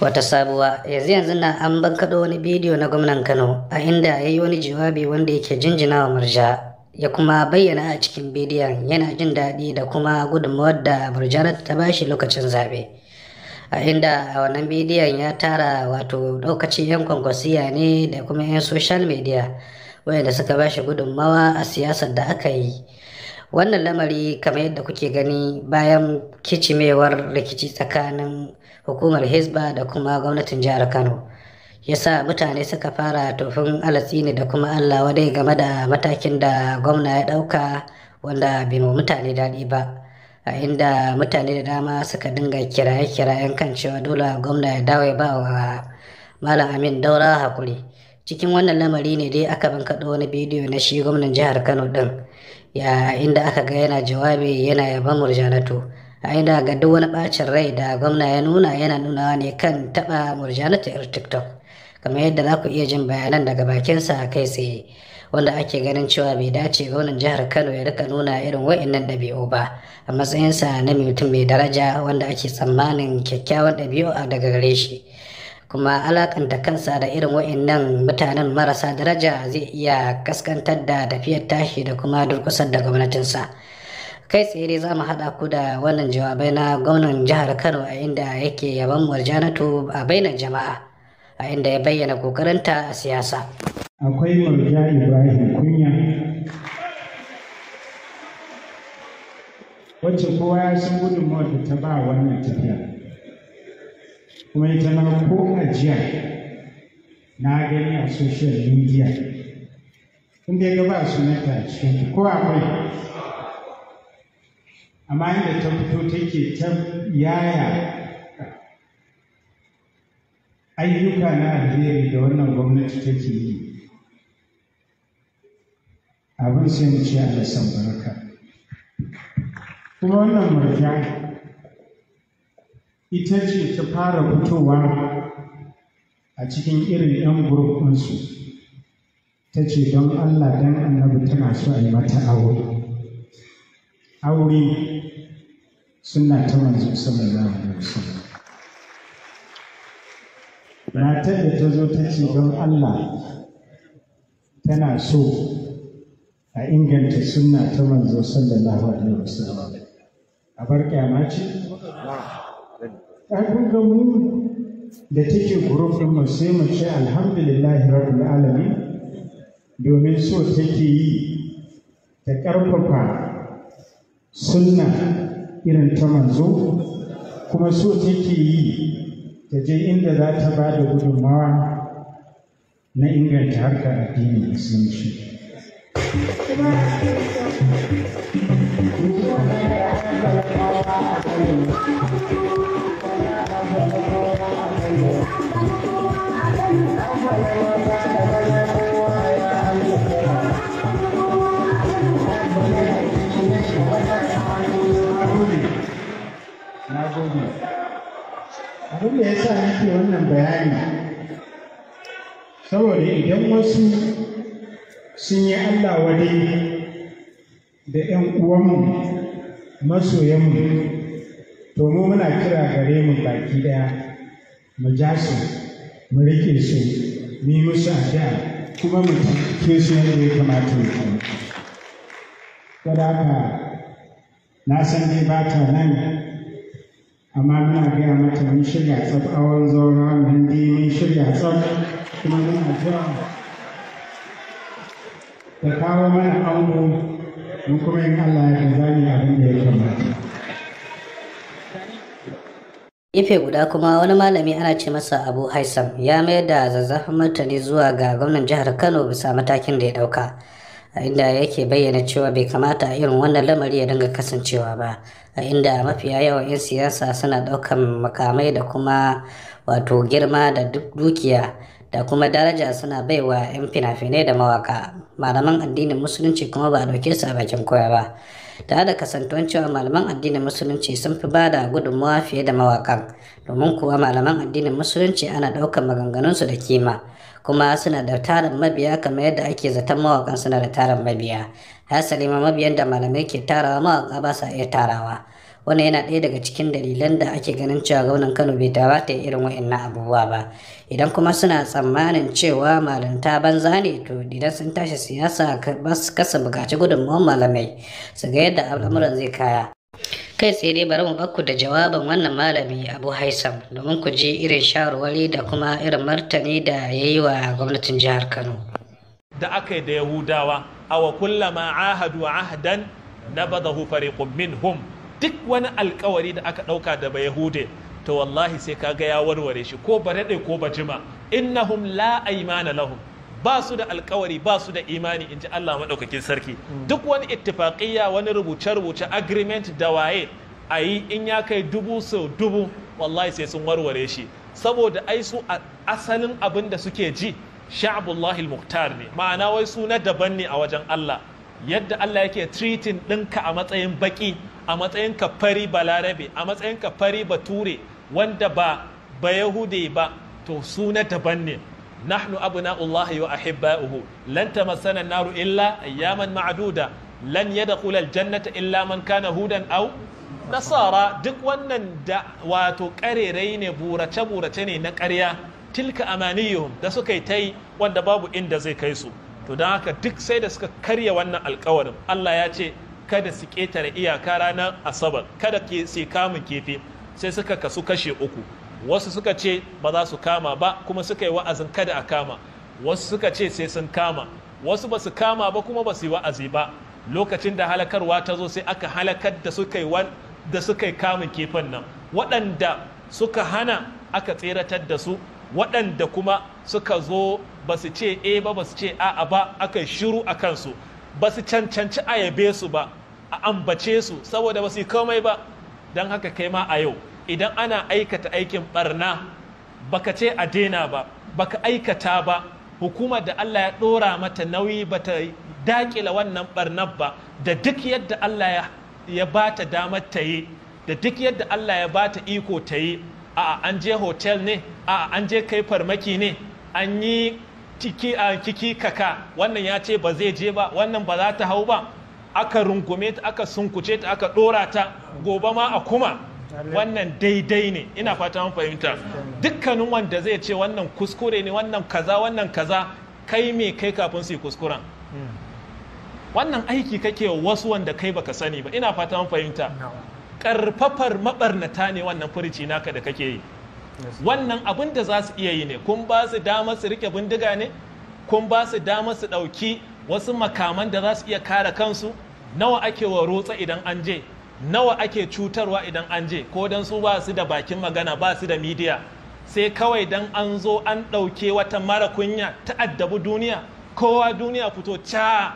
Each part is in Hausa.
wata sabuwa yanzu yanzu na an bankaɗo wani bidiyo na gwamnan kano a inda ya yi wani jawabi wanda yake jinjina wa murja ya kuma bayyana a cikin bidiyon yana jin daɗi da kuma gudunmawar da murja ta bashi lokacin zaɓe a inda a wannan bidiyon ya tara wato ɗaukaci 'yan kwankwasiya ne da kuma 'yan social media wayanda suka bashi gudunmawa a siyasar da aka yi wannan lamari kamar yadda kuke gani bayan kicimewar rikici tsakanin hukumar Hisba da kuma gwamnatin jihar Kano. Yasa mutane suka fara tofin alatsini da kuma Allah wadai game da matakin da gwamna ya ɗauka wanda bai mutane daɗi ba. a inda mutane da dama suka dinga kiraye-kirayen kan cewa dole gwamna ya dawo ya ba wa malam amin daura hakuri cikin wannan lamari ne dai aka bankaɗo wani bidiyo na shi gwamnan jihar kano din ya inda aka ga yana jawabi yana yaban murjanato aida ga duk wani bacin rai da gwamna ya nuna yana nunawa ne kan taba murjana ta yar tiktok kamar yadda za ku iya jin bayanan daga bakinsa kai tsaye wanda ake ganin cewa bai dace gwamnan jihar kano ya rika nuna irin wa'annan ɗabi'u ba a matsayinsa na mutum mai daraja wanda ake tsammanin kyakkyawan ɗabi'u daga gare shi kuma alakanta kansa da irin wa'annan mutanen marasa daraja zai iya kaskantar da tafiyar tashi da kuma durkusar da gwamnatinsa kai tsaye dai za mu haɗa ku da wannan jawabai na gwamnan jihar kano a inda yake yaban murjanatu a bainar jama'a a inda ya bayyana kokarinta a siyasa akwai murja ibrahim kunya wacce kowa ya san gudun mawata ta ba wannan tafiya kuma ita ma ko ajiya na gani a social media inda ya ga ba sunanta a cikin ko akwai amma yadda ta fito take ta yaya ayyuka na alheri da wannan gwamnati take yi abin sai mu ce alasan baraka kuma wannan marja ita ce ta fara fitowa a cikin irin 'yan gurfinsu ta ce don allah don annabi tana so a yi mata aure suna ta manzo sallallahu alaihi wasallam matar da ta zo ta ce don Allah tana so a inganta suna ta manzo sallallahu alaihi wasallam a bar kyama ce ɗan kunga da take gurufin mu sai mu ce alhamdulillahi rabbil domin so take yi ta ƙarfafa sunna irin ta manzo kuma so take yi ta je inda za ta ba da gudunmawa na inganta harkar addinin musulunci. Thank you. wasu sun yi Allah wadai da ‘yan uwanmu masoyanmu to mu muna kira gare mu baki ɗaya mu ja su mu rike su mu yi musu addu'a kuma mu ke su yadda ya kamata mu kuma. Kada ka na san dai ba ta nan amma muna gaya mata mun shirya tsab awon zaura mun mun shirya tsaf kuma muna ta kawo mana aumu mun kuma yin Allah ya abin da ya kamata. Ife guda kuma wani malami ana ce masa Abu Haisam ya mayar da zazzafin martani zuwa ga gwamnan jihar Kano bisa matakin da ya dauka. a inda yake bayyana cewa bai kamata a irin wannan lamari ya dinga kasancewa ba a inda mafiya yawa 'yan siyasa suna ɗaukan makamai da kuma wato girma da duk dukiya da kuma daraja suna baiwa 'yan fina-finai da mawaka malaman addinin musulunci kuma ba a dauke su a bakin koya ba tare da kasantuwan cewa malaman addinin musulunci sun fi bada da gudunmawa fiye da mawakan domin kuwa malaman addinin musulunci ana ɗaukar maganganunsu da kima kuma suna da tarin mabiya kamar yadda ake zaton mawakan suna da tarin mabiya hasali ma mabiyan da malamai ke tarawa mawaka ba sa iya tarawa wannan yana ɗaya daga cikin dalilan da ake ganin cewa gwamnan kano bai dawa ta irin wa'annan abubuwa ba idan kuma suna tsammanin cewa malanta banza ne to idan sun tashi siyasa ba su kasa bukaci gudunmawar malamai su ga yadda al'amuran zai kaya kai tsaye dai bari mu bakku da jawabin wannan malami abu haisam domin ku je irin shawarwari da kuma irin martani da ya yi wa gwamnatin jihar kano da aka yi da yahudawa awa kullama ahadu ahadan na bada hufari minhum duk wani alkawari da aka ɗauka da bai yahude to wallahi sai ka ga ya warware shi ko ba daɗe ko ba jima innahum la aymana lahum ba su da alkawari ba su da imani in ji Allah maɗaukakin sarki hmm. duk wani ittifaƙiyya wani rubuce-rubuce agreement da waye a yi in ya kai dubu sau dubu wallahi sai sun warware shi saboda ai su asalin abin da suke ji sha'abullahi muktar ne ma'ana wai suna daban ne a wajen Allah yadda Allah yake treating ɗinka a matsayin baki a matsayin ka fari balarabe a matsayin ka fari bature wanda ba ba yahude ba to suna daban ne nahnu abuna abna'ullahi wa ahibba'uhu lan tamassana naru illa ayyaman ma'duda lan yadkhula aljannata illa man kana hudan au. nasara duk wannan da wato karerai ne burace burace ne na karya tilka amaniyum da suka yi ta yi wanda babu inda zai kai su to don haka duk sai da suka karya wannan alkawarin Allah ya ce kada su ƙetare iyaka ranar asabar kada su kamun kifi sai suka kasu kashe uku wasu suka ce ba za su kama ba kuma suka yi wa'azin kada a kama wasu suka ce sai sun kama wasu ba su kama ba kuma ba su yi wa'azi ba lokacin da halakarwa ta zo sai aka halakar da suka yi da suka yi kamun kifin nan waɗanda suka hana aka tseratar da su waɗanda kuma suka zo ba su ce e ba ba su ce a'a ba aka shiru a kansu ba su cancanci a yabe su ba a ambace su saboda ba su komai ba don haka kai ma a yau idan ana aikata aikin barna baka ce a daina ba baka aikata ba hukumar da Allah ya ɗora mata nauyi ba ta daƙila wannan barnar ba da duk yadda Allah ya ba ta damar ta yi da duk yadda Allah ya ba ta iko ta yi a an je hotel ne a an je kai farmaki ne an yi kiki a kiki kaka wannan ya ce ba zai je ba wannan ba za ta hau ba aka rungume ta aka sunkuce ta aka dora ta gobe ma a kuma wannan daidai ne ina fata mun fahimta dukkanin wanda zai ce wannan kuskure ne wannan kaza wannan kaza kai me kai kafin su yi kuskuren hmm. wannan aiki kake wasu wanda kai baka sani ba ina fata mun fahimta karfafar mabarnata ne wannan furici naka da kake yi wannan abin da za su iya yi ne kun ba su dama su rike bindiga ne kun ba su dama su ɗauki wasu makaman da za su iya kare kansu nawa ake wa rotsa idan an je nawa ake cutarwa idan an je ko dan su ba su da bakin magana ba su da midiya sai kawai dan an zo an ɗauke wata mara kunya ta addabi duniya kowa duniya fito ca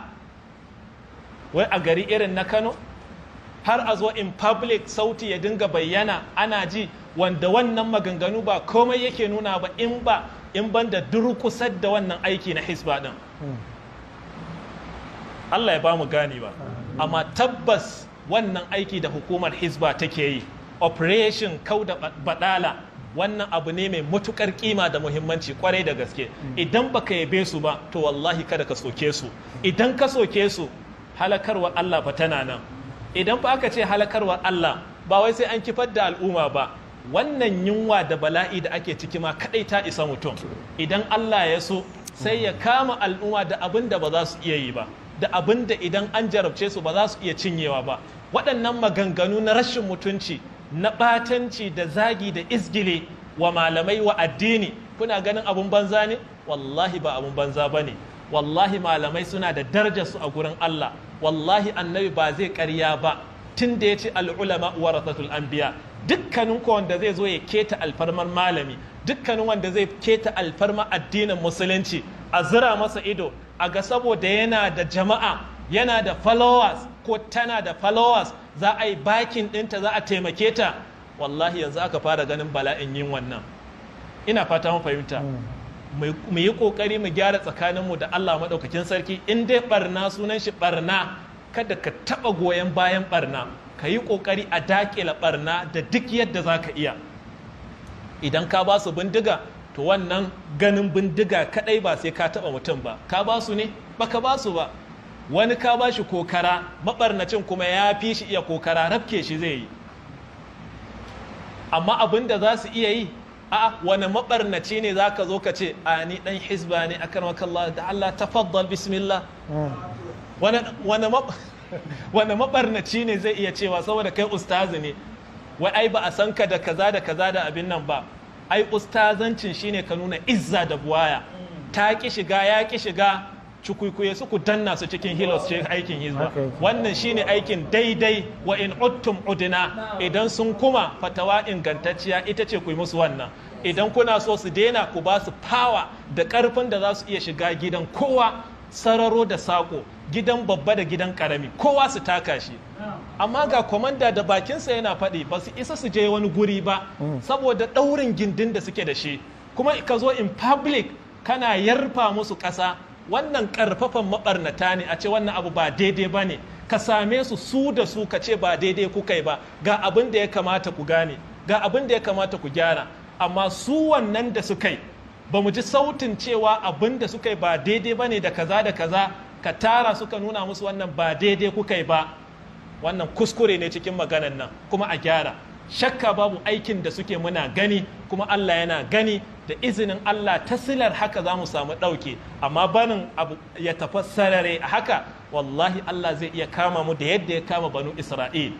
wai a gari irin na kano har a zo in public sauti ya dinga bayyana ana ji wanda wannan maganganu ba komai yake nuna ba in ba in ban da durkusar da wannan aiki na hisba din Allah ya ba mu gani ba amma tabbas wannan aiki da hukumar hisba take yi operation kau da badala wannan abu ne mai matukar kima da muhimmanci kwarai da gaske idan baka yabe su ba to wallahi kada ka soke su idan ka soke su halakarwa Allah ba tana nan idan fa aka ce halakarwar Allah ba wai sai an kifar da al'umma ba wannan yunwa da bala'i da ake ciki ma kadai ta isa mutum idan Allah ya so sai ya kama al'umma da abin da ba za su iya yi ba da abin da idan an jarabce su ba za su iya cinyewa ba waɗannan maganganu na rashin mutunci na ɓatanci da zagi da izgile wa malamai wa addini kuna ganin abun banza ne wallahi ba abun banza ba ne wallahi malamai suna da darajarsu a gurin Allah wallahi annabi ba zai karya ba tun da ya ce al'ulama an anbiya dukkanin ko wanda zai zo ya keta alfarman malami dukkanin wanda zai keta alfarmar addinin musulunci a zira masa ido a ga saboda yana da jama'a yana da followers ko tana da followers za a yi bakin ɗinta za a taimake ta wallahi yanzu aka fara ganin bala'in yin wannan ina fata fahimta mm. mu yi kokari mu gyara tsakaninmu da Allah maɗaukakin sarki in dai ɓarna sunan shi ɓarna, kada ka taɓa goyon bayan ɓarna, ka yi kokari a daƙila ɓarna da duk yadda za ka iya idan ka ba su bindiga to wannan ganin bindiga kaɗai ba sai ka taɓa mutum ba ka ba su ne ka ba su ba wani ka ba shi kokara maɓarnacin kuma ya fi shi iya kokara rafke shi zai yi amma abin da za su iya yi a'a wani mabarnaci ne za ka zo ka ce a ni dan hizba ne akan wakalla da Allah tafaddal bismillah wani mabarnaci ne zai iya cewa saboda kai ustazi ne wai ai ba a san ka da kaza da kaza da abin nan ba ai ustazancin shine ka nuna izza da buwaya ta ki shiga ya ki shiga cikuikuye suku ku danna su cikin oh. hilos ce aikin hizba wannan shine aikin daidai wa in uttum udina idan sun kuma fatawa ingantacciya ita ce ku yi musu wannan idan kuna so su daina ku ba su fawa da karfin da za su iya shiga gidan kowa sararo da sako gidan babba da gidan karami kowa su taka shi amma ga komanda da bakinsa yana faɗi ba su isa su je wani guri ba mm. saboda ɗaurin gindin da suke da shi kuma ka zo in public kana yarfa musu ƙasa wannan ƙarfafan maɓarnata ne a ce wannan abu ba daidai ba ne ka same su su da su ka ce ba daidai kuka yi ba ga abin da ya kamata ku gane ga abin da ya kamata ku gyara amma su wannan da suka yi ba mu ji sautin cewa abin da suka yi ba daidai ba ne da kaza da kaza ka tara suka nuna musu wannan ba daidai kuka yi ba wannan kuskure ne cikin maganan nan kuma a gyara shakka babu aikin da suke muna gani kuma Allah yana gani da izinin Allah ta silar haka za mu samu ɗauke amma banin abu ya tafi sarare a haka wallahi Allah zai iya kama mu da yadda ya kama banu Isra'il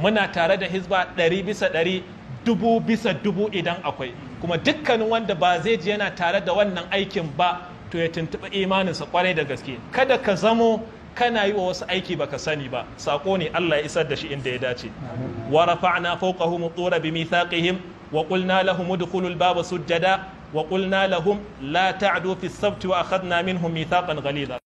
muna tare da hizba ɗari bisa ɗari dubu bisa dubu idan akwai kuma dukkanin wanda ba zai ji yana tare da wannan aikin ba to ya tuntuɓi imaninsa kwarai da gaske kada ka zamo kana yi wa wasu aiki baka sani ba sako ne Allah ya isar da shi inda ya dace wa rafa'na fawqahum tura bi mithaqihim وقلنا لهم ادخلوا الباب سجدا وقلنا لهم لا تعدوا في السبت وأخذنا منهم ميثاقا غليظا